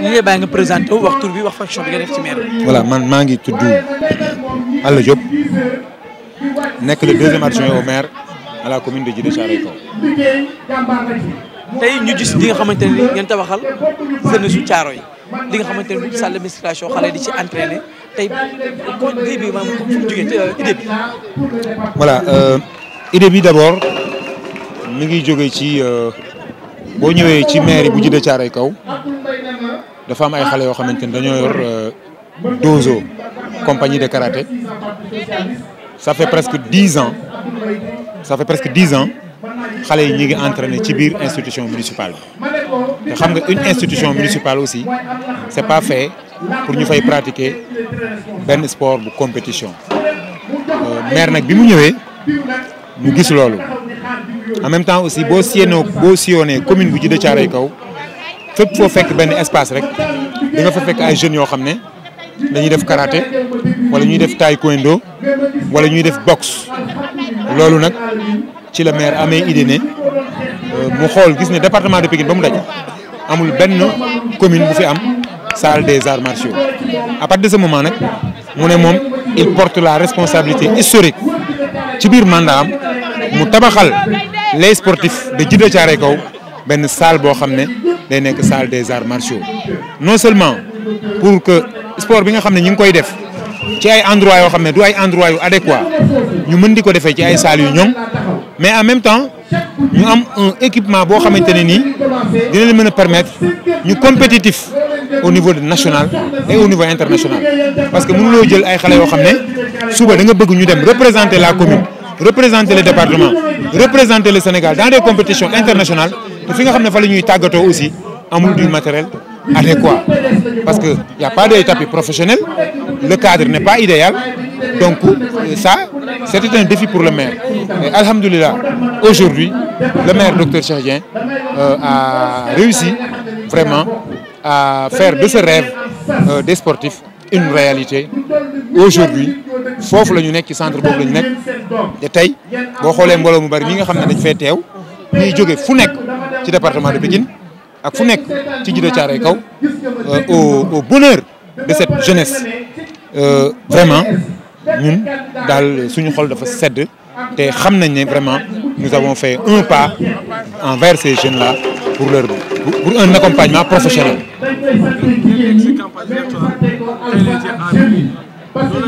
ñu lay nga présenté wu wax tur bi wax fonction bi nga def ci voilà man maa ngi tudd Alla Diop nekk commune de Djidah gis li nga xamante ne ngeen tabaxal jeunesse su Thiaroye yi li nga xamante ne salle d'administration xale di ci entraîné tey comme euh, idée bi maanaam fu euh, idée bi. d' abord mi ngi jógee ci euh, boo ñëwee ci maire bu Djidah Thiaroye kaw dafa am ay xale yoo xamante ni dañoo yor euh, dozo compagnie de karaté ça fait presque dix ans ça fait presque dix ans xale yi ñu ngi entraîné ci biir institution municipale bi te xam nga une institution municipale aussi c'est pas fait pour ñu fay pratiquer benn sport bu compétition euh, maire nag bi mu ñëwee ñu gis loolu en même temps aussi boo siyénoo boo sillonné commune bu Djiddah Thiaroye Kaw fépp foo fekk benn espace rek da nga fa fekk ay jeunes yoo xam ne dañuy def karaté wala ñuy def taekwondo wala ñuy def box loolu nag ci la maire amee idée ne euh, mu xool gis ne département de Pikine ba mu daj amul benn commune bu fi am salle des arts martiaux à partir de nag mu ne moom il porte la responsabilité historique ci biir mandat am mu tabaxal les sportifs de Djiddah Thiaroye Kaw benn salle boo xam ne day nekk salle des arts martiaux non seulement pour que sport bi nga xam ne ñu ngi koy def ci ay endroit yoo xam ne du ay endroit yu adéquat ñu mën di ko defee ci ay salles yu ñoom mais en même temps ñu am un équipement boo xamante ne nii dina leen mën a permettre ñu compétitif au niveau national et au niveau international parce que mënuloo jël ay xale yoo xam ne suba da nga bëgg ñu dem représenter la commune représenter le département représenter le Sénégal dans des compétitions internationales te fi nga xam ne fa la ñuy tàggatoo aussi amul du matériel adéquat parce que y a pas de tapis professionnel le cadre n'est pas idéal donc euh, ça c'était un défi pour le maire et alhamdoulilah aujourd'hui le maire docteur Cheikh Dieng euh, a réussi vraiment à faire de ce rêve euh, des sportifs une réalité aujourd'hui foofu la ñu nekk ci centre boobu la ñu nekk te tey boo xoolee mbooloo mu bari mi nga xam ne dañ fee teew ñuy jóge fu nekk ci département de Pikine ak fu nekk ci Djiddah Thiaroye Kaw euh, au au bonheur de cette jeunesse euh, vraiment ñun daal suñu xol dafa sedd te xam nañ ne vraiment nous avons fait un pas envers ces jeunes la pour leur pour un accompagnement professionnel. parce que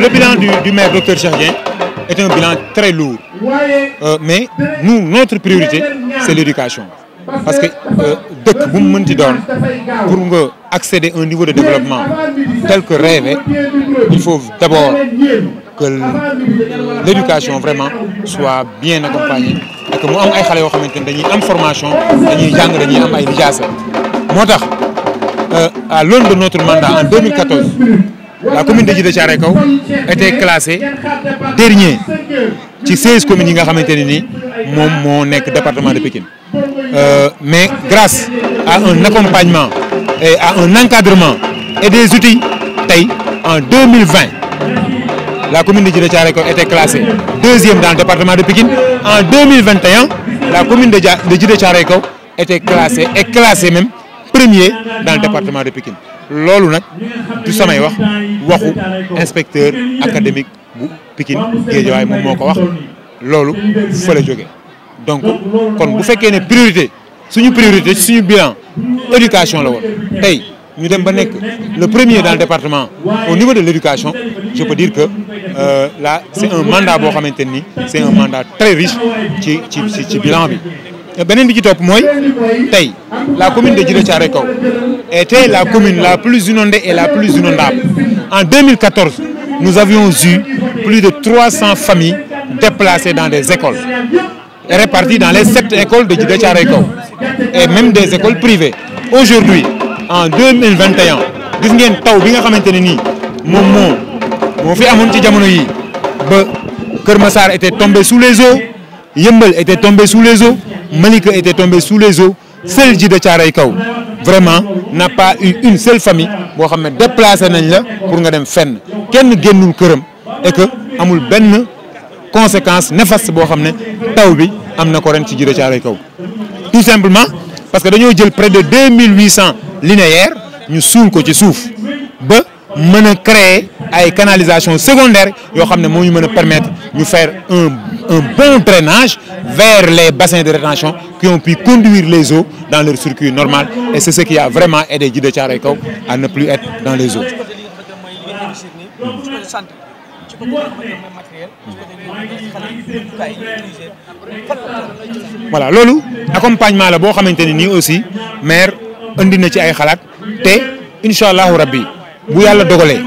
le bilan du du maire docteur Cheikh est un bilan très lourd. Euh, mais nous notre priorité c'est l'éducation parce que euh, dëkk bu mu mënti doon pour nga accéder à un niveau de développement tel que rêvé il faut d'abord que l'éducation vraiment soit bien accompagnée et que mu am ay xale yoo xamante ne dañuy am formation dañuy jàng dañuy am ay lijaasa moo tax Euh, à l'aune de notre mandat en 2014, la commune de Djidé Thiaroye Kaw était classée dernier ci 16 communes yi nga xamante ne ni moom moo nekk département de Pikine euh, mais grâce a un accompagnement et à un encadrement et des outils tey en 2020 la commune de Djidé Thiaroye Kaw était classée deuxième dans le département de Pikine en 2021 la commune de Djidé Thiaroye Kaw était classée et classée même premier dans le département de Pikine loolu nag du samay wax waxu inspecteur académique bu Pikine Guédiawaye moom moo ko wax loolu fa la jógee donc kon bu fekkee ne priorité suñu priorité suñu bilan éducation la woon tey ñu dem ba nekk le premier dans le département au niveau de l'éducation je peux dire que euh, là c'est un mandat boo xamante ni c'est un mandat très riche ci ci ci bilan bi Euh, beneen bi ci topp mooy tey la commune de Djiddah Thiaroye Kao était la commune la plus inondée et la plus inondable en 2014 nous avions eu plus de 300 familles déplacées dans des écoles réparties dans les sept écoles de Djiddah Thiaroye Kao et même des écoles privées aujourd'hui en 2021 gis ngeen taw bi nga xamante ne nii moom moo fi amoon ci jamono yi ba Kër Massar était tombé sous les eaux Yeumbeul était tombé sous les eaux Malika était tombé sous les eaux seul ji de Thiaroye Kaw vraiment n'a pas eu une seule famille boo xam ne déplacé nañ la pour nga dem fenn kenn génnul këram e que amul benn conséquence néfaste boo xam ne taw bi am na ko ren ci ji de Thiaroye Kaw tout simplement parce que dañoo jël près de deux mille huit cent linéaires ñu suul ko ci suuf ba mën a créer ay canalisations secondaires yoo xam ne moo ñu mën a permettre ñu faire un bon drainage vers les bassins de rétention qui ont pu conduire les eaux dans leur circuit normal et c'est ce qui a vraiment aidé Djiddah Thiaroye Kao à ne plus être dans les eaux. loolu accompagnement la boo xamante ne nii aussi maire indi na ci ay xalaat te incha allahu rabbi bu yàlla dogalee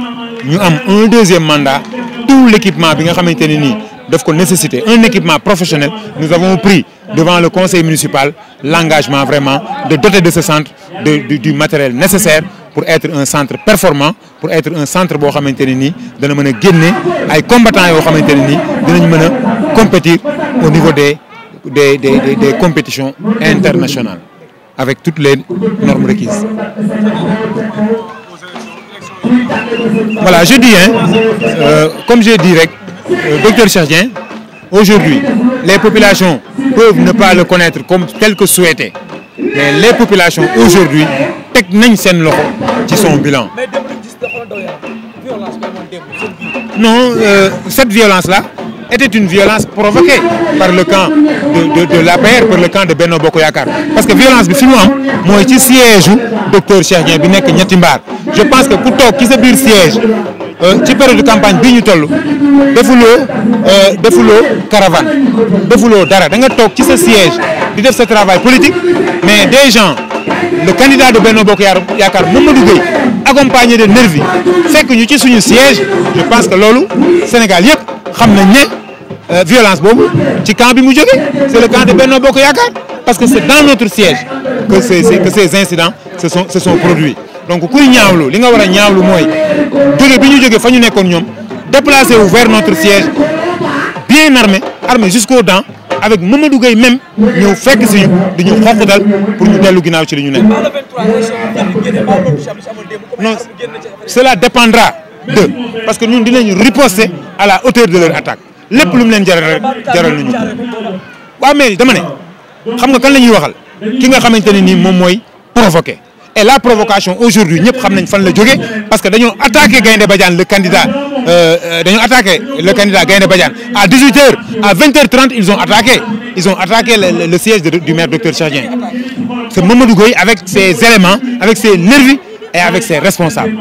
ñu am un deuxième mandat tout l'équipement bi nga xamante ne nii. daf ko nécessité un équipement professionnel nous avons pris devant le conseil municipal l'engagement vraiment de doter de centre de du, du matériel nécessaire pour être un centre performant pour être un centre boo xamante ne nii dana mën a génne ay combattants yoo xamante ne nii dinañ mën a compétir au niveau des des des des, des compétitions internationales avec toutes les normes requises voilà je dis hein euh, comme j'ai dit rek Euh, docteur Cheikh Dieng aujourd'hui les populations peuvent ne pas le connaître comme tel que souhaité mais les populations aujourd'hui teg nañ seen loxo ci son bilan non euh, cette violence là était une violence provoquée par le camp de de de l'APR par le camp de Benno Bokk Yaakaar parce que violence bi fi mu am mooy ci siège u docteur Cheikh Dieng bi nekk ñetti mbaar je pense que ku toog ci sa biir siège Euh, ci période campagne bii ñu toll defuloo euh, defuloo caravane defuloo dara da nga toog ci sa siège di def sa travail politique mais des gens le candidat de Benno Bokk Yaakaar Mamadou Gueye accompagné de nervi fekk ñu ci suñu siège je pense que loolu Sénégal yëpp xam nañ ne euh, violence boobu ci camp bi mu jógee c' est le camp de Benno Bokk Yaakaar parce que c' est dans notre siège que ces que ces sont produits donc kuy ñaawlu li nga war a ñaawlu mooy jóge bi ñu jóge fa ñu nekkoon ñoom déplacé wu vers notre siège bien armé armé jusqu'aux dents avec Mamadou Gueye même ñëw fekk si di ñu xoqatal pour ñu dellu ci li ñu nekk. non cela dépendra de parce que ñun dinañu riposter à la hauteur de leur attaque lépp lu leen jaral rek jaral nañu ko waaw mais dama xam nga kan la ñuy waxal ki nga xamante ne nii moom mooy provoqué. et la provocation aujourd'hui ñëpp xam nañ fan la jógee parce que dañoo attaqué Gaynde Badiane le candidat euh, euh, dañoo attaqué le candidat Gaynde Badiane à 18h à 20h30 ils ont attaqué ils ont attaqué le, le, le siège de, du maire docteur Cheikh Dieng c'est Mamadou Gueye avec ses éléments avec ses nervis et avec ses responsables